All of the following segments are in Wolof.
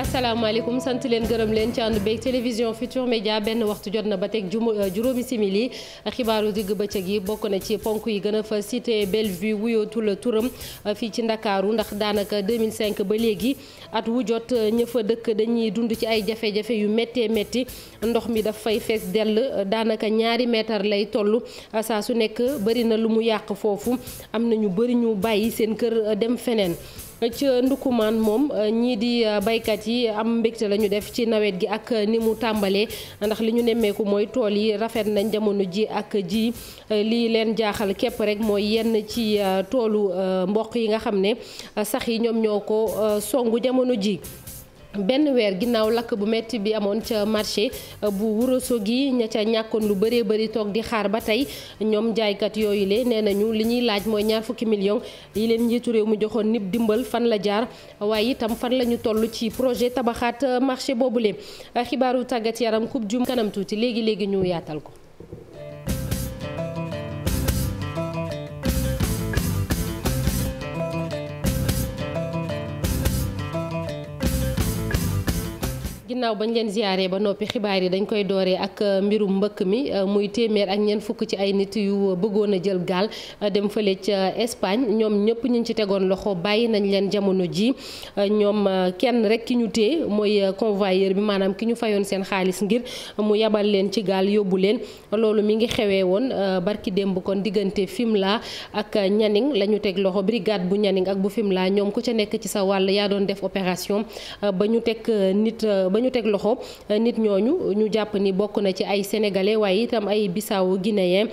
asalaamaaleykum sant leen gërëm leen ci ànd beeg télévision Futur Média benn waxtu jot na ba teg euh, juróomi simili xibaaru digg bëccëg yi bokk na ci ponk yi gën a fa cité Bellevue wuyootul turam euh, fii ci ndakaaru ndax daanaka 2005 ba léegi at wu jot euh, ña fa dëkk dañuy dund ci ay jafe-jafe yu méttee métti ndox mi daf fay fees dell daanaka ñaari meetar lay toll saa su nekk bëri na lu mu yàq foofu am na ñu bëri ñu bàyyi seen kër dem feneen. ca Ndukumaan moom ñii di euh, baykat yi am mbégte la ñu def ci nawet gi ak ni mu tàmbalee ndax li ñu nemmeeku mooy tool yi rafet nañ jamono ji ak ji lii leen jaaxal képp rek mooy yenn ci euh, toolu euh, mboq yi nga xam ne sax yi ñoom ñoo ko songu jamono ji benn weer ginnaaw lakk bu metti bi amoon ca marché uh, bu Ourossogui ña ca ñàkkoon lu bëree bëri toog di xaar ba tey ñoom jaaykat yooyu le nee nañu li ñuy laaj mooy ñaar fukki millions yi leen njiitu réew mu joxoon nib dimbal fan la jaar waaye itam fan la ñu toll ci projet tabaxaat uh, marché boobule uh, xibaaru tàggat yaram coupe du kanam tuuti léegi léegi ñu yaatal ko. ginnaaw bañ leen ziaree ba noppi xibaar yi dañ koy dooree ak euh, mbirum mbëkk mi euh, muy téeméer ak ñeent fukk ci ay nit yu euh, bëggoon a jël gaal dem fële ca Espagne ñoom ñëpp ñu ci tegoon loxo bàyyi nañ leen jamono ji ñoom kenn rek ki ñu téye mooy convoyeur bi maanaam ki ñu fayoon seen xaalis ngir mu yebal leen ci gaal yóbbu leen loolu mi ngi xewee woon barki démb kon diggante laa ak Nianing lañu teg loxo brigade bu Nianing ak bu Fimela ñoom ku ca nekk ci sa wàll yaa doon def opération ba ñu teg loxo eh, nit ñooñu ñu jàpp ni bokk na ci ay sénégalais waaye itam ay bissau guinéen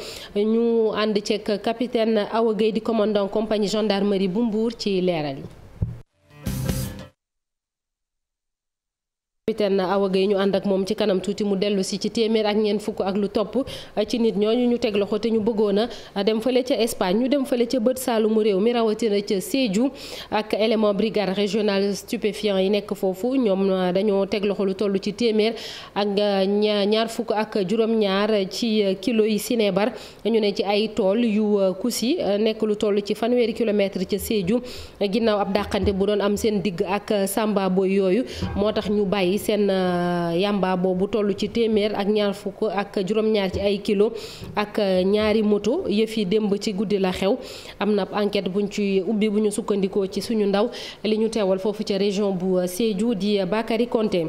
ñu ànd ceeg capitaine Awa Gueye di commandant compagnie gendarmerie bu Mbour ci leeral yi capitaine Awa Gueye ñu ànd ak moom ci kanam tuuti mu dellu si ci téeméer ak ñeent fukk ak lu topp uh, ci nit ñooñu ñu teg loxo te ñu bëggoon a uh, dem fale ca Espagne ñu dem fale ca bët saalumu réew mi rawatina ca Sédhiou ak élément brigade régionale stupéfiant yi nekk foofu ñoom uh, dañoo teg loxo lu toll ci téeméer ak ñaar fukk ak juróom ci kilo yi sinébar ñu ne ci ay tool yu kusi nekk lu toll ci fanweeri kilomètre ca Sédhiou ginnaaw ab dàqante bu doon am seen digg ak samba yooyu moo tax ñu bàyyi. yi seen euh, yamba boobu tollu ci téeméer ak ñaar fukk ak juróom-ñaar ci ay kilo ak euh, ñaari moto yëf yi démb ci guddi la xew am na enquête buñ ci ubbi bu ñu sukkandikoo ci suñu ndaw li ñu teewal foofu ca région bu euh, Sédhiou di Bakary Konté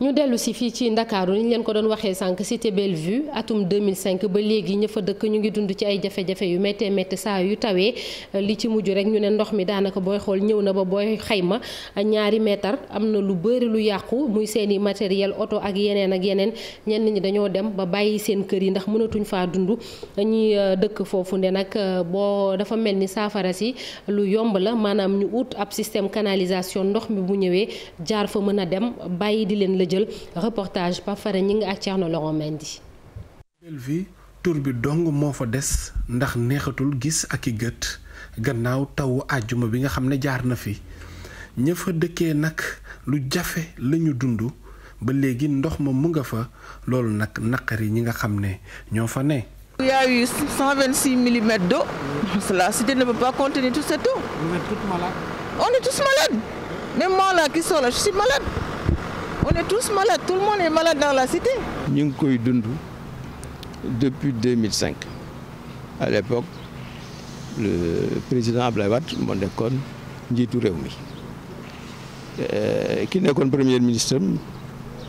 ñu dellu si fii ci ndakaaru ni ñu leen ko doon waxee sànq cité Bellevue atum 2005 ba léegi ñëfa dëkk ñu ngi dund ci ay jafe-jafe yu méttee méttee saa yu tawee li ci mujj rek ñu ne ndox mi daanaka booy xool ñëw na ba booy xayma ñaari meetar am na lu bëri lu yàqu muy seeni i matériel oto ak yeneen ak yeneen ñenn ñi dañoo dem ba bàyyi seen kër yi ndax mënatuñ faa dund ñi euh, dëkk foofu ne nag euh, boo dafa mel ni saafara si lu yomb la maanaam ñu ut ab système canalisation ndox mi bu ñëwee jaar fa mën a dem bàyyi di leen la jël reportage Pape Fara Gningue ak Thierno Laurent Mendy. Belleville tur bi dong moo fa des ndax neexatul gis ak i gët gannaaw tawu àjjuma bi nga xam ne jaar na fi ñëfa dëkkee nag lu jafe lañu dund ba léegi ndox ma mu nga fa loolu nag naqari ñi nga xam ne ñoo fa ne. Il y a eu 126 millimètres d'eau. La cité ne peut pas contenir malade. on est tous malades tout dans la cité. ñu ngi koy dund depuis 2005 à l'époque le président Ablaye Wade moo nekkoon njiitu réew mi euh, ki nekkoon premier ministre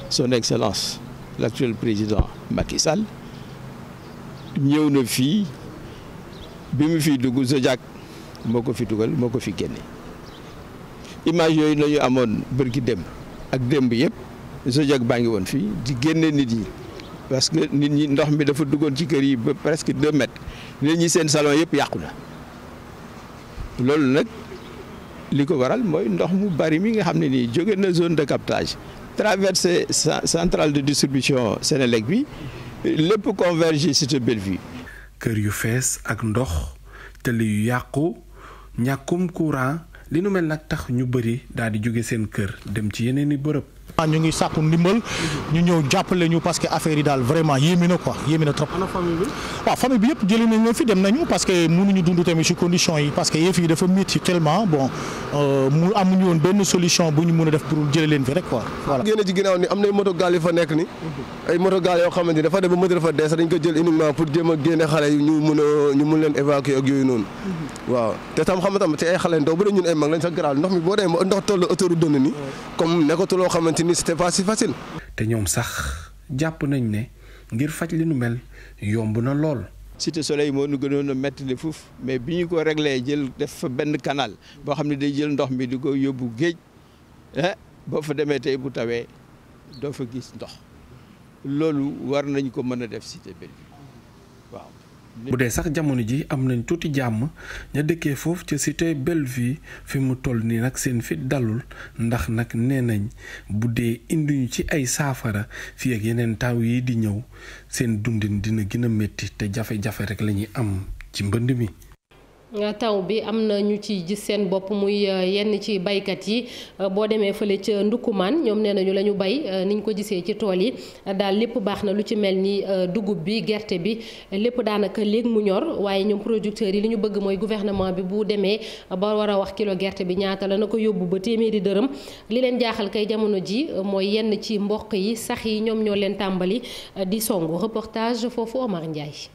son excellence l'actuel président Macky Sall ñëw na fii bi mu fi dugg Zodiac moo ko fi dugal moo ko fi génne image yooyu la amoon bërki dem ak démb yëpp Zodiac baa ngi woon fii di génne nit ñi parce que nit ñi ndox mi dafa duggoon ci kër yi ba presque deux mètres nit ñi seen salon yëpp yàqu na loolu nag li ko waral mooy ndox mu bari mi nga xam ne nii jóge na zone de captage traversé centrale de distribution Sénélec bi lépp converger te Bellevue. kër yu fees ak ndox tali yu yàqu ñàkkum courant. li nu mel nag tax ñu bëri daal di jóge seen kër dem ci yeneen i bërëb Ah, ñu ngi sàkku ndimbal ñu ñëw jàppale ñu parce que affaire yi daal vraiment yéemi na quoi famille bi yëpp jëlee nañ fi dem nañu parce que mënuñu dund tamit ci condition yi parce que yëf yi dafa euh, pour jëlee xale yi ñu mën leen évacuer ak yooyu noonu waaw te tam xam tam ci ay xale ndaw bu dee ñun ay mag lañ sax garaal ndox mi boo dee ndox toll autour ni comme nekkatul loo xamante ni c'était si facile. te ñoom sax jàpp nañ ne ngir faj li nu mel yomb na lool. Cité Soleil moo nu gënoon a metti foofu mais bi ñu ko reglee jël def fa benn canal boo xam ne day jël ndox mi di ko yóbbu géej ah boo fa demee tey bu tawee doo fa gis ndox loolu war nañ ko mën a def cité bi bu dee sax jamono ji am nañ tuuti jàmm ña dëkkee foofu ca cité Bellevue fi mu toll nii nag seen fit dalul ndax nag nee nañ bu dee indi ñu ci ay saafara fi ak yeneen taw yi di ñëw seen dundin dina gën a métti te jafe-jafe rek lañuy am ci mbënd mi. Euh, taw bi am na ñu ci gis seen bopp muy euh, yenn ci baykat yi euh, boo demee fële ca Ndukkumaan ñoom nee nañu la ñu bay niñ ko gisee ci tool yi daal lépp baax na lu ci mel ni dugub bi gerte bi lépp daanaka léegi mu ñor waaye ñoom producteurs yi li ñu bëgg mooy gouvernement bi bu demee ba war a wax kilo gerte bi ñaata la na ko yóbbu ba téeméeri dërëm li leen jaaxal kay jamono ji mooy yenn ci mboq yi sax yi ñoom ñoo leen tàmbali di songu reportage foofu Omar Ndiaye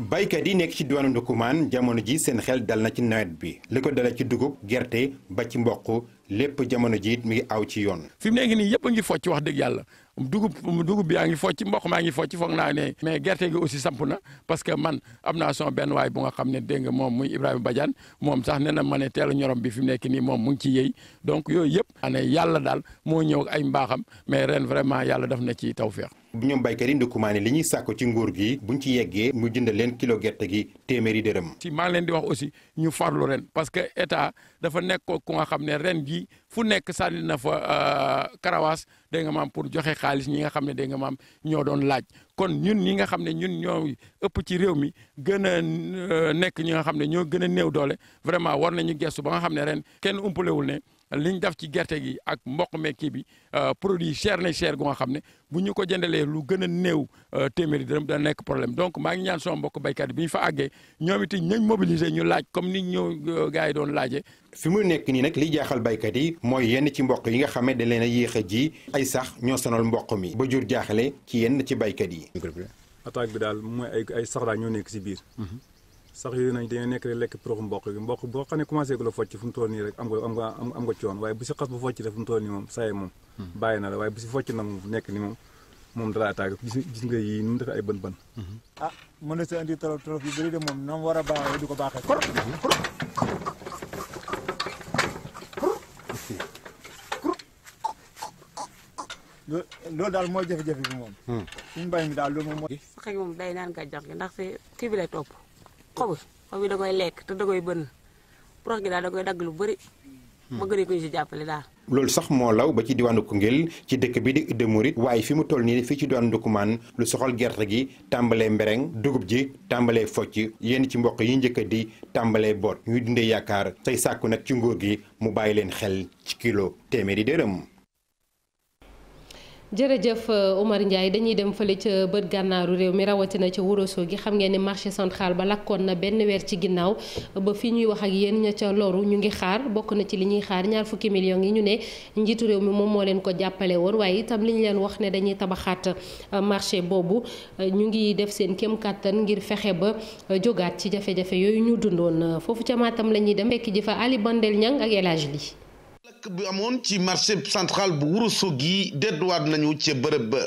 baykat yi nekk ci diwaanu Ndoukoumane jamono ji seen xel dal na ci nawet bi li ko dale ci dugub gerte ba ci mboq lépp jamono ji mu ngi aw ci yoon. fi mu nekk nii yëpp a ngi focc wax dëgg yàlla dugub dugub bi yaa ngi focc mboq maa ngi ci foog naa ne. mais gerte ngi aussi samp na parce que man am naa benn waay bu nga xam ne dégg moom muy Ibrahima Badiane moom sax nee na ma ne teelu ñorom bi fi mu nekk nii moom mu ngi ci yëy donc yooyu yëpp. ane yàlla daal moo ñëw ak ay mbaaxam mais ren vraiment yàlla def na ci tawféex. ñoom baykat yi ndëkkumaani li ñuy sàkko ci nguur gi bu ñu ci yeggee mu jënd leen kilo gerte gi téeméeri dërëm. si maa leen di wax aussi ñu farlu ren parce que état dafa nekk ku nga xam ne ren gi fu nekk sànni na fa euh, karawaas dégg nga maam pour joxe xaalis ñi nga xam ne dégg nga maam ñoo doon laaj kon ñun ñi nga xam ne ñun ñoo ëpp ci réew mi gën a euh, nekk ñi nga xam ne ñoo gën a néew doole vraiment war nañu gestu ba nga xam ne ren kenn umpalewul ne. liñ daf ci gerte gi ak mboq mekki bi euh, produit cher na cher gu nga xam ne bu ñu ko jëndalee lu gën a néew euh, téeméeri dërëm dana nekk problème donc maa ngi ñaan sama mbokk béykat yi bi ñu fa àggee ñoom it nañ mobiliser ñu laaj comme ni ñoo euh, gars yi doon laajee. fi mu nekk nii nag li jaaxal béykat yi mooy yenn ci mboq yi nga xam ne da leen a yéex ji ay sax ñoo sonal mboq mi ba jur jaaxalee ci yenn ci baykat yi. bi daal mooy ay ay sax ñoo nekk si biir. Mm-hmm. sax yooyu nañ dañoo nekk rek lekk proxu mboq bi mboq boo xam ne commencé gu la focc fu mu toll nii rek am nga am nga am coon waaye bu si xas bu focc la fu mu toll nii moom saye moom hmm. moom nekk moom moom dara attaque gis gis nga nu mu defee ay bën bën hmm. ah mën na sa indi tolof tolof yu bëri de moom war a baaxee di ko baaxee kor loolu daal mooy jafe-jafe moom hmm. suñu mbay mi daal loolu moom mooy sax moom day naan gàncax gi ndax si kii bi lay topp xobu xob yi da koy lekk te da koy bënn prox gi daal da koy dagg lu bëri. ma gënee ko ñu si jàppale daal. loolu sax moo law ba ci diwaanu Koungheul ci dëkk bi di Idda Mouride waaye fi mu toll nii fii ci diwaanu Ndoukoumane lu soxal gerte gi tàmbalee mbereng dugub ji tàmbalee focc yenn ci mboq yi njëkk di tàmbalee boot ñuy dundee yaakaar say sàkku nag ci nguur gi mu bàyyi leen xel ci kilo téeméeri dërëm. jërëjëf euh, Omar Ndiaye dañuy dem fële ca bët gànnaaru réew mi rawatina ca Wourosso gi xam ngeen ni marché central ba lakkoon na benn weer ci ginnaaw ba fi ñuy wax ak yéen ña ca loru ñu ngi xaar bokk na ci li ñuy xaar ñaar fukki millions yi ñu ne njiitu réew mi moom moo leen ko jàppale woon waaye itam li ñu leen wax ne dañuy tabaxaat euh, marché boobu euh, ñu ngi def seen kéem kàttan ngir fexe ba jógaat ci jafe-jafe yooyu ñu dundoon foofu ca Matam la ñuy dem fekk ji fa Ali Bandel ak El Hadj lakk bi amoon ci marché central bu Ourossogui dedduwaat nañu ca bërëb ba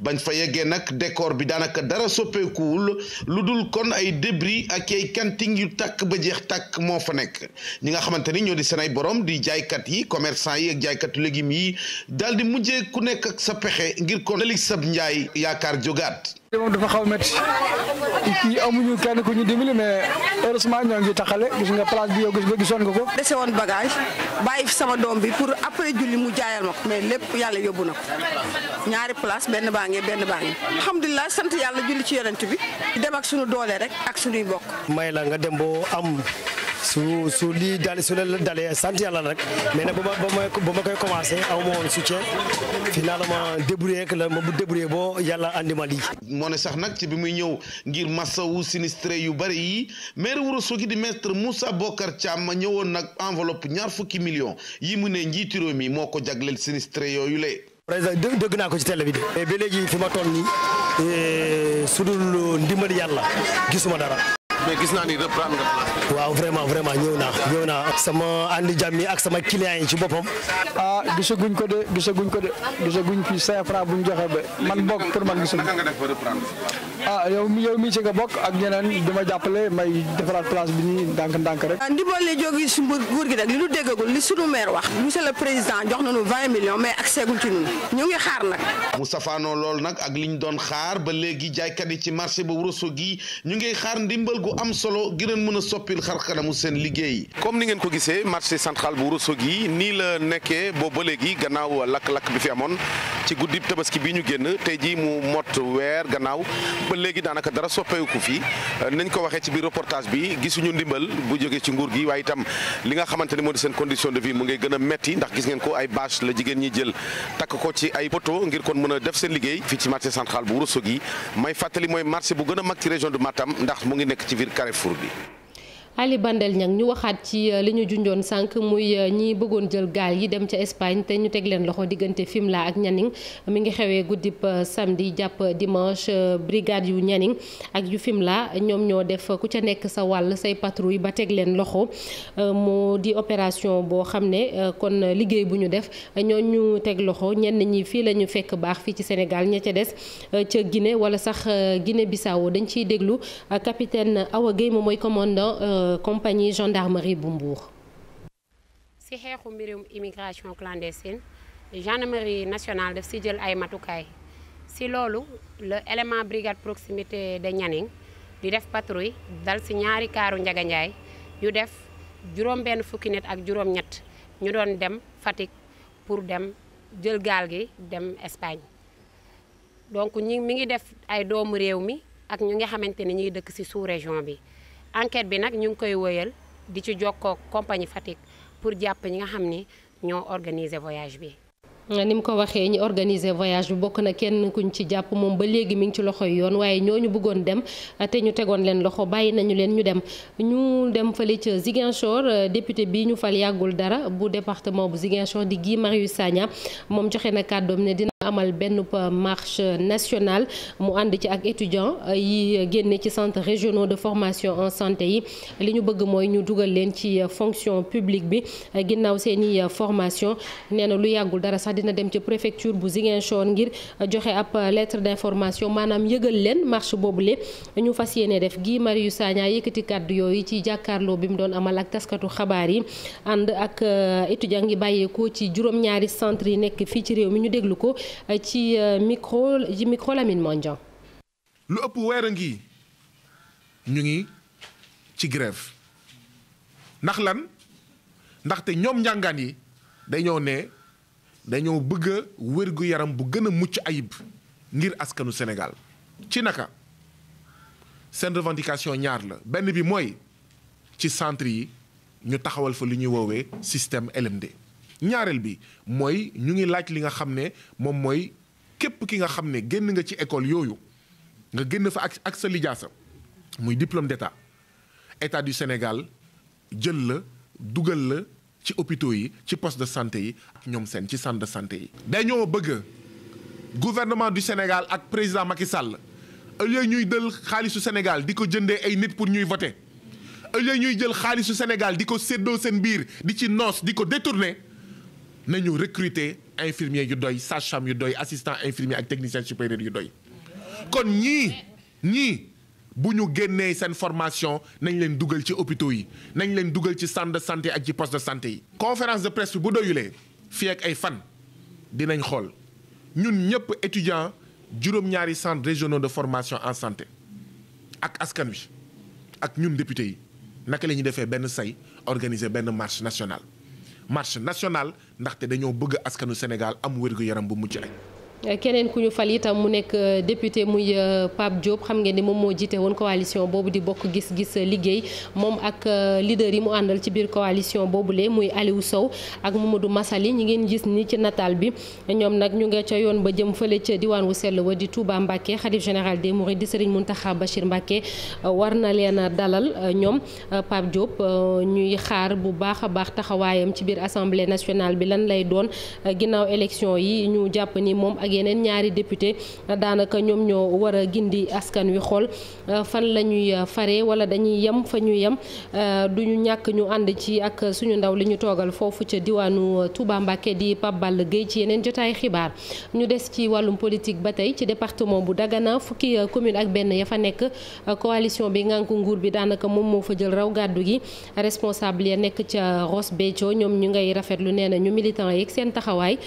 bañ fa yeggee nag décor bi daanaka dara soppeekuwul lu dul kon ay débris ak ay kanting ngir tàkk ba jeex tàkk moo fa nekk ñi nga xamante ni ñoo di seen ay borom di jaaykat yi commerçant yi ak jaaykatu légumes yi daal di mujjee ku nekk ak sa pexe ngir kon dalig sab njaay yaakaar jógaat moom dafa xaw métti kii amuñu kenn ku ñu dimbali mais heureusement ñoo ngi taxale gis nga place bi yow gis nga gisoon nga ko. dese woon bagage bàyyi fi sama doom bi pour après julli mu jaayal ma ko mais lépp yàlla yóbbu na ko ñaari place benn baa ngi benn baa ngi alhamdulilah sant yàlla julli ci yonent bi dem ak suñu doolee rek ak suñuy mbokk. may la nga dem boo am. su su lii dalee su leen dalee sant yàlla rek mais nag ba ma ba ma koy commencé aw ma woon soutien finalement débrouillé rek la ma bu débrouillé boo yàlla andi ma moo ne sax nag ci bi muy ñëw ngir massawu sinistré yu bëri yi maire Ourossogui di maître Moussa Bokar Thiam ma ñëwoon nag enveloppe ñaar fukki million yii mu ne njiitu réew mi moo ko jagleel sinistré yooyu la. président dëgg naa ko ci télé bi de. mais ba léegi fi ma toll nii eh, su dul ndimbal yàlla gisuma dara. mais gis naa ni waaw vraiment vraiment ñëw naa ñëw naa sama ànd jàmm yi ak sama client yi ci boppam. ah gisaguñ ko de gisaguñ ko de gisaguñ fii cinq francs bu ñu joxe ba man bokk pour man gisaguñ. naka nga def ba reprendre. ah yow mi bokk ak ñeneen dama jàppale may defaraat place bi nii ndànk-ndànk rek. ndimbali jóge si nguur gi nag li ñu déggagul li sunu maire wax monsieur le président jox na vingt millions mais accès guñ ci ñun ñu ngi xaar nag. mu safaanoo lool nag ak li ñu doon xaar ba léegi jaaykat yi ci marché bu Ourossogui ñu ngi xaar ndimbal bu am solo gën a mën a soppil xar seen liggéey. comme ni ngeen ko gisee marché central bu Ourossogui nii la nekkee boobu ba léegi gannaaw lakk-lakk bi fi amoon ci guddi tabaski bi ñu génn tey jii mu mott weer gannaaw ba léegi daanaka dara soppeeku fi nañ ko waxee ci biir reportage bi gisuñu ndimbal bu jógee ci nguur gi waaye itam li nga xamante ni moo di seen condition de vie mu ngay gën a metti ndax gis ngeen ko ay bâche la jigéen ñi jël takk ko ay poto ngir kon mën a def seen liggéey fii ci marché central bu Ourossogui may fàttali mooy marché bu ci région de Matam ndax mu ngi nekk ci biir Carrefour bi Ali Bandel ñang ñu waxaat ci euh, li ñu junjoon sànq muy euh, ñi bëggoon jël gaal yi dem ca Espagne te ñu teg leen loxo diggante Fimela ak Nianing mi ngi xewee guddib samedi jàpp dimanche euh, brigade yu Nianing ak yu Fimela ñoom ñoo def ku ca nekk sa wàll say patrouille ba teg leen loxo moo di opération boo xam ne kon liggéey bu ñu def ñoo ñu teg loxo ñenn ñi fii la ñu fekk baax fii ci Sénégal ña ca des ca gine wala sax Guinée Bissau dañ ciy déglu capitaine Awa compagnie gendarmerie bu Mbour. ci xeexu mbirum immigration clandestine gendarmerie nationale daf ci jël ay matukaay ci loolu le élément brigade proximité de Nianing di def patrouille dal ci ñaari kaaru Njaga Njaay yu def juróom benn fukki nit ak juróom ñett ñu doon dem Fatick pour dem jël gaal gi dem Espagne donc ñi mi ngi def ay doomu réew mi ak ñu nga xamante ne ñuy dëkk ci sous-région bi enquête bi nag ñu ngi koy wëyal di ci jokkoo compagnie Fatick pour jàpp ñi nga xam ni ñoo organiser voyage bi. ni mu ko waxee ñi organiser voyage bi bokk na kenn kuñ ci jàpp moom ba léegi mi ngi ci loxoy yoon waaye ñoo ñu bëggoon dem te ñu tegoon leen loxo bàyyi nañu leen ñu dem ñu dem fële ci Ziguinchor député bi ñu fal yàggul dara bu département bu Ziguinchor di Guy Marius Sagna moom joxe na kàddoom ne dina amal benn marche national mu ànd ci ak étudiants euh, yi génne ci centres régionaux de formation en santé yi li ñu bëgg mooy ñu dugal leen ci euh, fonction publique bi euh, ginnaaw seeni formation nee na lu yàggul dara sax dina dem ci préfecture bu Ziguinchor ngir joxe ab lettre d'information maanaam yëgal leen marche boobu le ñu fas yéene def gi Marius Sagna yëkkati kàddu yooyu ci jàkkaarloo bi mu doon amal ak taskatu xabaar yi ànd ak étudiants yi bàyyeekoo ci juróom yi nekk fii ci réew mi ñu déglu ko Euh, ci euh, micro ci micro lu ëpp weer a ngi ñu ngi ci grève ndax lan ndaxte ñoom njàngaan yi dañoo ne dañoo bëgg a yaram bu gën a mucc ayib ngir askanu Sénégal ci naka seen revendication ñaar la benn bi mooy ci centre yi ñu taxawal fa li ñuy woowee système LMD ñaareel bi mooy ñu ngi laaj li nga xam ne moom mooy képp ki nga xam ne génn nga ci école yooyu nga génn fa ak ak sa lijaasa muy diplôme d'état état du Sénégal jël la dugal la ci hôpitaux yi ci poste de santé yi ak ñoom seen ci sant de santé yi. dañoo bëgg gouvernement du Sénégal ak président Macky Sall au lieu ñuy dël xaalisu Sénégal di ko jëndee ay nit pour ñuy voter au lieu ñuy jël xaalisu Sénégal di ko séddoo seen biir di ci noos di ko détourner. nañu recruter infirmier yu doy sage-femme yu doy assistant infirmier ak technicien supérieur yu doy kon ñii ñii bu ñu génnee seen formation nañ leen dugal ci hôpitaux yi nañ leen dugal ci centre de santé ak ci poste de santé yi. conférence de presse bi bu doyulee fii ak ay fan dinañ xool ñun ñëpp étudiants juróom-ñaari centres régionaux de formation en santé ak askan wi ak ñun député yi naka la ñuy defee benn say organiser benn marche nationale. marche nationale ndaxte dañoo bëgg askanu Sénégal am wérgu yaram bu mucc ay Euh, keneen ku ñu fal itam mu nekk euh, député muy euh, Pape Diop xam ngeen ni moom moo jiite woon coalition boobu di bokk gis-gis liggéey moom ak leader yi mu àndal ci biir boobu boobule muy Aliou Sow ak Mamadou Massali ñi ngeen gis ni ci nataal bi ñoom nag ñu nga ca yoon ba jëm fële ca diwaan wu sell wa di Touba Mbacké xalif général des Mourides di Serigne Mountakha Bachir Mbacké war na leen a dalal ñoom Pape Diop ñuy xaar bu baax a baax taxawaayam ci biir assemblée nationale bi lan lay doon ak yeneen ñaari député daanaka ñoom ñoo war a gindi askan wi xool euh, fan la ñuy euh, faree wala dañuy yem fa ñu yem euh, du ñu ñàkk ñu ànd ci ak suñu ndaw li ñu toogal foofu ca diwaanu Touba Mbacké di Pape Balla Gueye ci yeneen jotaay xibaar ñu des ci wàllum politique ba tey ci département bu Dagana fukki commune ak benn ya fa nekk coalition bi ngànk nguur bi daanaka moom moo fa jël raw gàddu gi responsable ya nekk ca Ross Béthio ñoom ñu ngay rafetlu nee na ñu militant yeeg seen taxawaay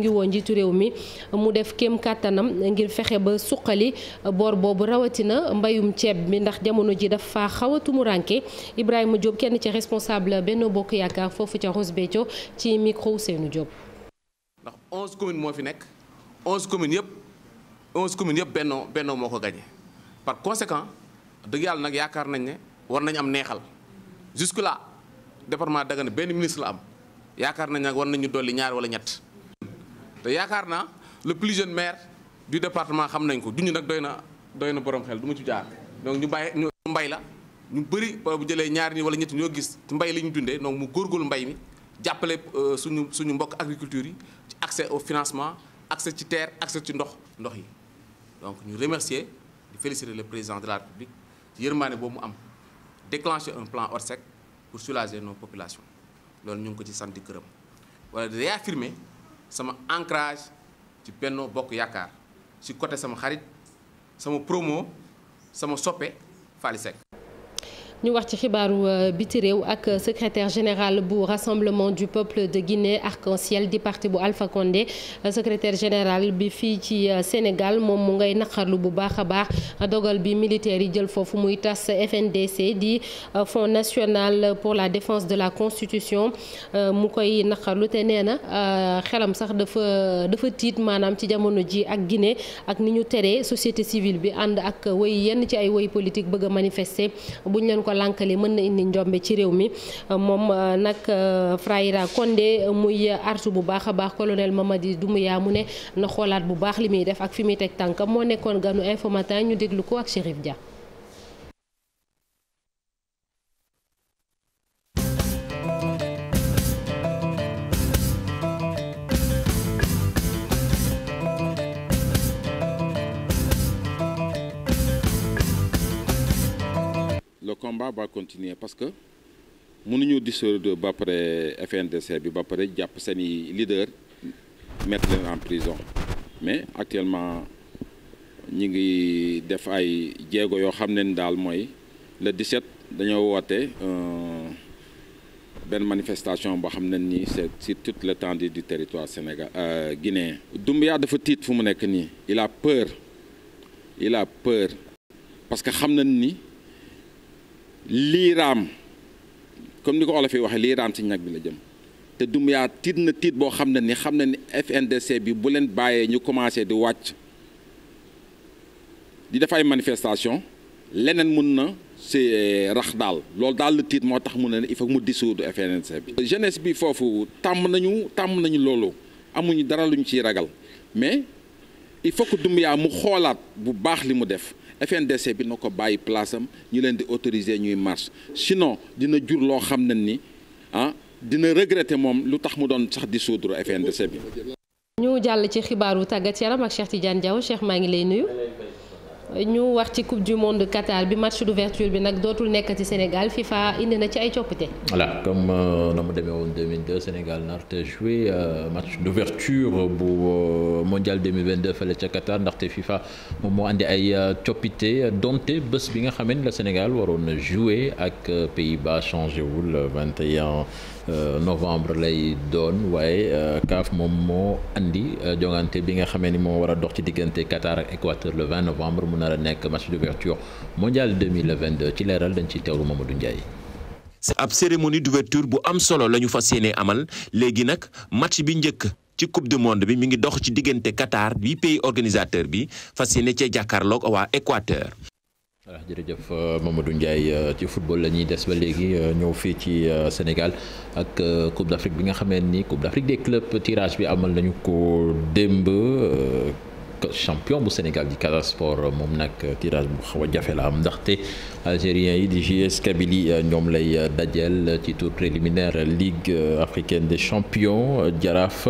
ngi woo njiitu réew mi mu def kéem kàttanam ngir fexe ba suqali boor boobu rawatina mbayum ceeb bi ndax jamono ji dafa xaw a tumuranke Ibrahima Diop kenn ci responsable benn Bokk Yaakaar foofu ca Ross Béthio ci micro Ousseynou Diop. ndax onze communes moo fi nekk onze commune yëpp onze communes yëpp Benno Benno moo ko gagné par conséquent dëgg yàlla nag yaakaar nañ ne war nañ am neexal jusque là département Dagana benn ministre la am yaakaar nañ nag war nañu dolli ñaar wala ñett. te yaakaar naa le plus jeune du département xam nañ ko duñu nag doy na doy na borom xel du ma ci jaar donc ñu bàyyi ñu mbay la ñu bëri bu jëlee ñaari ñi wala ñetti ñoo gis mbay li ñu dundee donc mu góorgóorlu mbay mi jàppale euh, suñu suñu mbokk agriculture yi ci accès au financement accès ci terre accès ci ndox ndox yi donc ñu remercier di féliciter le président de la République ci yërmaane boobu mu am déclencher un plan ORSEC pour soulager nos population loolu ñu ngi ko ci sant di këram sama ancrage ci Benno Bokk Yaakaar ci côté sama xarit sama promo sama soppe Faly ñu wax ci xibaaru euh, biti réew ak euh, secrétaire général bu rassemblement du peuple de Guinée arc en di parti bu Alpha Condé euh, secretaire général bi fii ci Sénégal moom mu ngay naqarlu bu baax a baax dogal bi militaire yi jël foofu muy tas FNDC di Fonds national pour la défense de la constitution mu koy naqarlu te nee na xelam sax dafa dafa tiit maanaam ci jamono ji ak Guinée ak ni ñu teree société civile bi ànd ak woy yenn ci ay woy politique bëgg a ko lànkale mën na indi njombe ci réew mi moom euh, nag euh, Frahira Condé muy artu bu baax a baax colonel Mamadi Doumbouya mu ne na xoolaat bu baax li muy def ak fi muy teg tànkam moo nekkoon ganu Infos ñu déglu ko ak Chérif ja le combat va continuer parce que mënuñu dissoudre ba pare FNDC bi ba pare jàpp seeni leader mettre leen en prison mais actuellement ñi ngi def ay jéego yoo xam ne daal mooy le 17 dañoo woote euh, benn manifestation boo xam ne nii c'est sur toute di du territoire Sénégal euh, guinéen Doumbouya dafa tiit fu mu nekk nii il a peur il a peur parce que xam na ni lii comme ni ko olof yi waxee lii raam ñag bi la jëm te Dumbuya tiit na tiit boo xam ne ni xam na ni FNDC bi bu leen bàyyee ñu commencé di wàcc di def ay manifestation leneen mun na si eh, rax daal loolu daal la tiit moo tax mu ne il faut mu dissoudre FNDC bi. jeunesse bi foofu tàmm nañu tàmm nañu loolu amuñu dara lu ñu ciy ragal mais il faut que mu xoolaat bu baax li mu def. FNDC bi na ko bàyyi place am ñu leen di autoriser ñuy marche sinon dina jur loo xam ne ni ah dina regretter moom lu tax mu doon sax di dissoudre FNDC bi. ñu jàll ci xibaaru tàggat yaram ak Cheikh Tidiane Diaw Cheikh maa ngi lay nuyu. ñu wax ci coupe du monde Qatar bi match d'ouverture bi nag dootul nekk ci Sénégal FIFA indi na ci ay coppite. voilà comme euh, na mu demee woon 2002 Sénégal ndaxte joué euh, match d'ouverture bu euh, mondial 2022 fële ca Qatar ndaxte FIFA moom moo andi ay coppite donte bés bi nga xamee ni la Sénégal waroon joué ak Pays-Bas changé wul 21. Euh, novembre lay doon waaye euh, CAF moom moo andi euh, jongante bi nga xamee ni moo war a dox ci diggante Qatar ak Équateur le 20 novembre mu nar a nekk match d'ouverture mondial 2022 ci leeral dañ ciy teewlu Mamadou Ndiaye. ab cérémonie d'ouverture bu am solo la ñu fas yéene amal léegi nag match bi njëkk ci coupe du monde bi mi ngi dox ci diggante Qatar bi pays organisateur bi fas yéene cee jàkkaarloog waa Équateur voilà euh, jërëjëf euh, Mamadou Ndiaye euh, ci football la ñuy des ba léegi ñëw fii ci Sénégal ak Coupe d'Afrique bi nga xamee ni Coupe d'Afrique des clubs tirage bi amal nañu ko démb. champion bu Sénégal di Casa Sport moom nag tirage bu xaw a jafe la am ndaxte algérien yi di JS Kabylie euh, ñoom lay euh, dajeel ci tour préliminaire Ligue euh, africaine des champions Jaraaf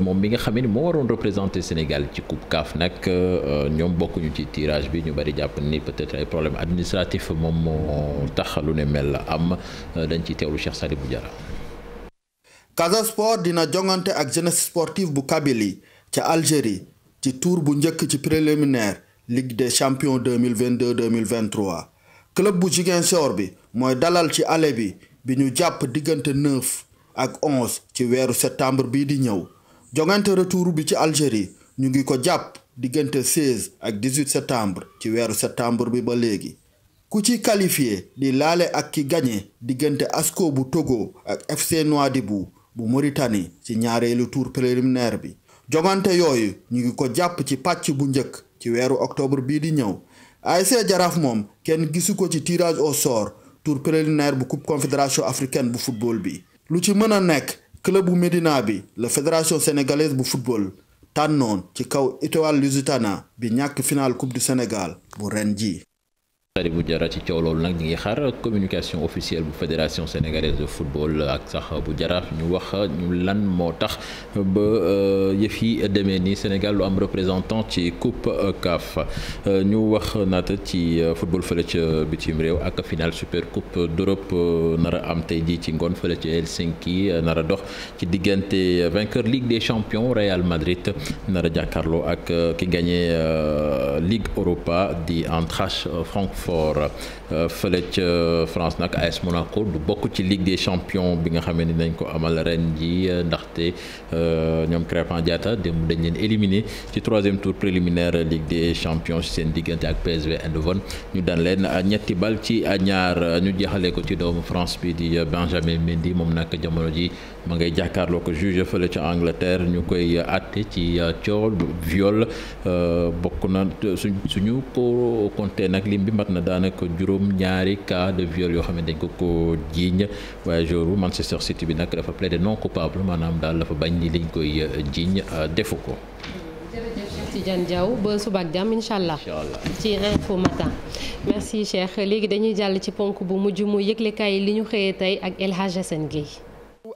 moom bi nga xamee ni moo waroon représenter Sénégal ci coupe CAF nag ñoom bokkuñu ci tirage bi ñu bari jàpp ni peut-être ay problème administratif moom moo tax lu ne mel la am dañ ci teewlu Cheikh Sadibou Diarra Casa Sport dina jongante ak jeunesse sportive bu Kabylie ca Algérie ci tour bu njëkk ci préliminaire ligue de champions 2022 2023 club bu Ziguinchor bi mooy dalal ci ale bi bi ñu jàpp diggante 9 ak 11 ci weeru septembre bii di ñëw jongante retour bi ci Algérie ñu ngi ko jàpp diggante 16 ak 18 septembre ci weeru septembre bi ba léegi ku ci kalifie di laale ak ki gagné diggante ASCO bu Togo ak FC Nouadhibou bu Mauritanie ci ñaareelu tour préliminaire bi jogante yooyu ñu ngi ko jàpp ci pàcc bu njëkk ci weeru octobre bii di ñëw ASC Jaraaf moom kenn gisu ko ci tirage au sort tour préliminaire bu coupe confédération africaine bu football bi lu ci mën a nekk club bu Médina bi la fédération sénégalaise bu football tànnoon ci kaw Étoile Lusitana bi ñàkk final coupe du Sénégal bu ren ji tari bu jara ci coow loolu nag ñu ngi communication officielle bu fédération sénégalaise de football ak sax bu jara ñu wax ñu lan moo tax ba euh, yëf yi demee ni Sénégal lu am représentant ci coupe CAF euh, ñu wax nat ci euh, football fële ca bitim réew ak finale super coupe d'Europe nar am tey ji ci ngoon fële ca Helsinki nar dox ci diggante vainqueur Ligue des champions Real Madrid nar a ak ki gagné Ligue Europa di Eintracht Francfort fort euh, fële ca euh, France nag AS Monaco du bokk ci Ligue des champions bi nga xamee ni nañ ko amal ren ji ndaxte euh, ñoom Crépin Diatta dem dañ leen éliminé ci troisième tour préliminaire Ligue des champions ci seen diggante ak PSV Eindhoven ñu daan leen ñetti bal ci ñaar ñu jeexalee ko ci doomu France bi di Benjamin Mendy moom nag jamono ji ma ngay jàkkaarloo ko juge fële ca Angleterre ñu koy àtte ci euh, coow viol euh, bokk na suñ suñu ko compté nag lim bi mat na daanaka juróom ñaari cas de viol yoo xam ne dañ ko ko jiiñ waaye jour Manchester City bi nag dafa plaider non coupable maanaam daal dafa bañ ni liñ koy euh, jiiñ defu ko. Tidiane Diaw ba suba ak jàmm incha allah ci info matin merci Cheikh léegi dañuy jàll ci ponk bu mujj mu yëglekaay li ñu xëyee tey ak El Hadj Assane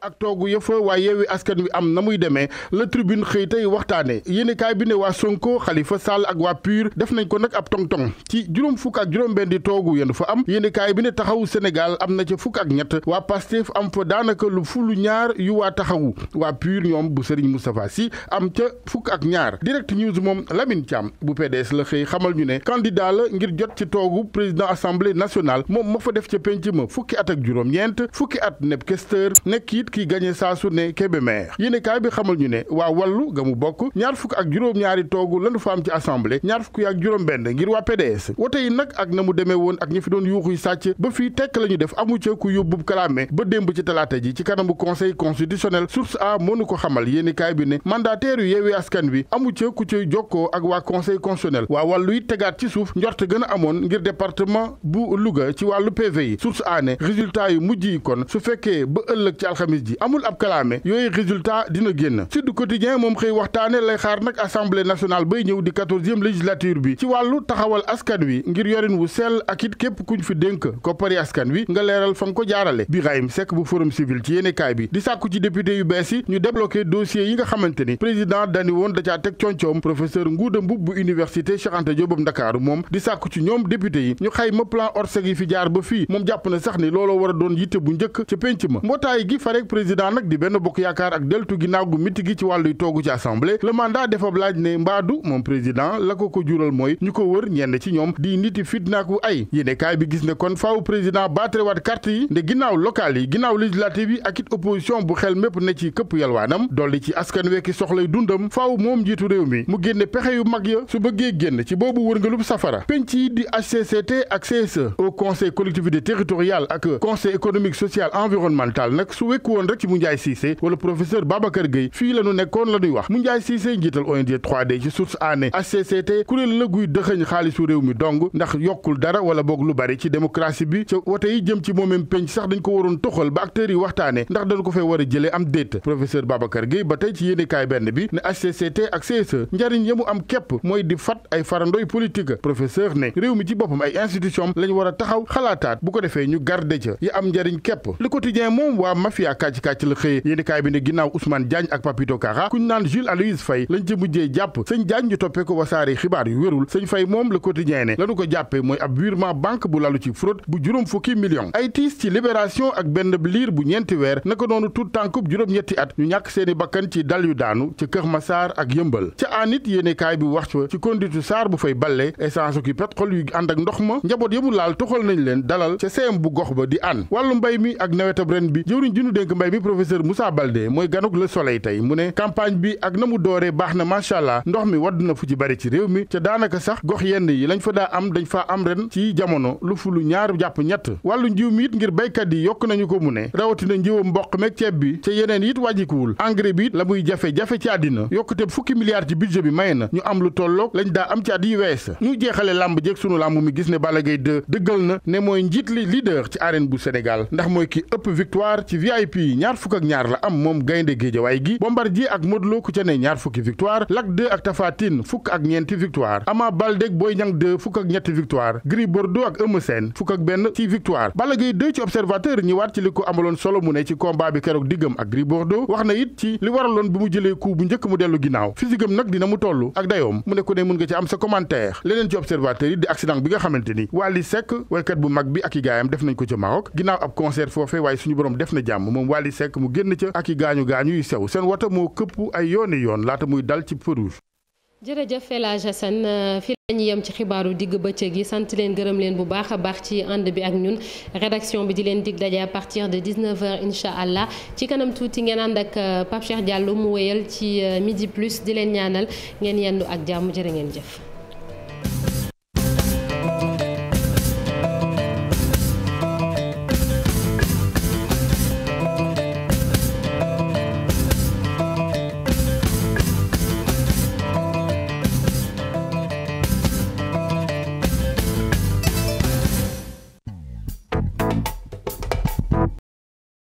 ak toogu yëfa waa yeewi askan wi am na muy demee la tribune xëy tey waxtaane yéenekaay bi ne waa Sonko Khalifa Sall ak waa PUR def nañ ko nag ab tong-tong ci juróom fukk ak juróom-benn di toogu yéen fa am yéenekaay bi ne taxawu Sénégal am na ca fukk ak ñett waa Pastef am fa daanaka lu fu lu ñaar yu waa taxawu waa PUR ñoom bu Serigne Moustapha Sy am ca fukk ak ñaar direct news moom Lamine Thiam bu PDS la xëy xamal ñu ne candidat la ngir jot ci toogu président assemblée nationale moom moo fa def ca penc ma fukki at ak juróom-ñeent fukki at nekk nekk it ki gagné saa su ne Kébémer yéenekaay bi xamal ñu ne waa wàllu ga mu bokk ñaar fukk ak juróom-ñaari toogu lañu fa am ci assemblée ñaar fukk ak juróom-benn ngir waa PDS wote yi nag ak na mu demee woon ak ñi fi doon yuuxuy sàcc ba fii tekk la ñu def amu ca ku yóbbu kalaame ba démb ci talaata ji ci kanamu conseil constitutionnel source a mënu ko xamal yéenekaay bi ne mandataire yu yeewee askan wi amu ca ku cay jokkoo ak waa conseil constitutionnel waa walluy yi tegaat ci suuf njort gën a amoon ngir département bu Louga ci wàllu PV yi source a ne résultat yu mujj yi kon su fekkee ba ëllëg ci alxamis tey ji amul ab kalaame yooyu résultat dina génn Sud Quotidien moom xëy waxtaane lay xaar nag assemblée nationale bay ñëw di quatorzième législature bi ci wàllu taxawal askan wi ngir yorin wu sell ak it képp kuñ fi dénk koppari askan wi nga leeral fa nga ko jaarale bi Birahim Seck bu Forum Civil ci yéenekaay bi di sàkku ci député yu bees yi ñu débloqué dossier yi nga xamante ni président dani woon da caa teg concoom professeur Ngouda Mboup bu université Cheikh Anta Diop bu Ndakaaru moom di sàkku ci ñoom député yi ñu xayma plan orsec yi fi jaar ba fii moom jàpp na sax ni looloo war a doon yitte bu njëkk ca pénc ma mbootaay président nag di benn bokk yaakaar ak deltu ginnaaw gu miti gi ci wàlluy toogu ci assemblée le mandat defab laaj ne mbaadu moom président la ko ko jural mooy ñu ko wër ñenn ci ñoom di niti fitnaaku ay yéenekaay bi gis ne kon faaw président baatrewaat carte yi nde ginnaaw local yi ginnaaw législative yi ak it opposition bu xel mépp ne ci këpp yalwaanam dolli ci askan wekki soxlay dundam faaw moom njiitu réew mi mu génne pexe yu mag ya su bëggee génn ci boobu wërngalub safara penc yi di HCCT ak CSE au conseil collectivité territoriale ak conseil économique social environnemental nag su woon rek ci Moundiaye Cissé wala professeur Babacar Gueye fii la nekkoon la ñuy wax Moundiaye Cissé njiital ONG 3D ci source aané HCCT kuréel la guy dëxëñ xaalisu réew mi dong ndax yokkul dara wala boog lu bari ci démocratie bi ca wote yi jëm ci moomeem penc sax dañ ko waroon toxol ba acteurs yi waxtaane ndax dañu ko fee war a jëlee am déet professeur Babacar Gueye ba tey ci yéenekaay benn bi ne HCCT ak CSE njariñ yamu am képp mooy di fat ay farandoy politique professeur ne réew mi ci boppam ay institution lañ war a taxaw xalaataat bu ko defee ñu garde ca yi am njariñ képp kàcc-kàcc la xëye yéeni kaay bi ne ginnaaw Ousmane Diagne ak Papito Kara kuñ naan Jules Aloïse Faye lañ ca mujjee jàpp sëñ Diagne ñu toppee ko xibaar yu wérul sëñ Faye moom le quotidien ne lañu ko jàppe mooy ab virement banque bu lalu ci fraude bu juróom fukki millions ay tiis ci libération ak benn liir bu ñeenti weer naka noonu tout tànkub juróom-ñetti at ñu ñàkk seeni bakkan ci dal yu daanu ca anit yéeni saar ak ndox ma njaboot yamu laal toxal nañ leen dalal ca CM bu bi jëwriñ ji dénk mbay mi professeur Moussa Baldé mooy ganuk Le Soleil tey mu ne campagne bi ak na mu dooree baax na macha allah ndox mi wadd na fu ci bari ci réew mi ca daanaka sax gox yenn yi lañ fa daa am dañ fa am ren ci jamono lu fu lu ñaar jàpp ñett wàllu njiw mi it ngir béykat yi yokk nañu ko mu ne rawatina njiwam mboq meeg ceeb bi ca yeneen it wàjjikuwul engrais bi la muy jafe-jafe ci àddina yokkute fukki milliards ci budget bi may na ñu am lu tolloog lañ daa am ci at yi wees ñu jeexale làmb jeeg sunu làmb mi gis ne Balla Gaye 2 dëggal na ne mooy njiit li leader ci arène bu Sénégal ndax yi ñaar ci li ko amaloon solo ci combat bi keroog diggam ak Gris Bordeaux wax na it ci li waraloon bi mu jëlee coup bu njëkk mu dellu ginnaaw physiqueam nag dina mu toll ak dayoom mu ne ku ne mën nga ci am sa commentaire leneen ci observateur yi di accident bi nga xamante ni Wally Seck waykat bu mag bi ak i gaayam def nañ ko ca Maroc ginnaaw ab concert foofee waaye suñu borom def na jàmm moom Wally Seck mu génn ca ak i gaañu gaañu yu sew seen wata moo këpp ay yooni yoon laata muy dal ci feu rouge. jërëjëf El Hadj Assane euh, fi lañu yem ci xibaaru digg bëccëg yi sant leen gërëm leen bu baax a baax ci ànd bi ak ñun rédaction bi di leen dig daje à partir de 19h incha allah ci kanam tuuti ngeen ànd ak euh, Pape Cheikh mu woyal ci euh, midi plus di leen ñaanal ngeen yendu ak jàmm jërë ngeen jëf.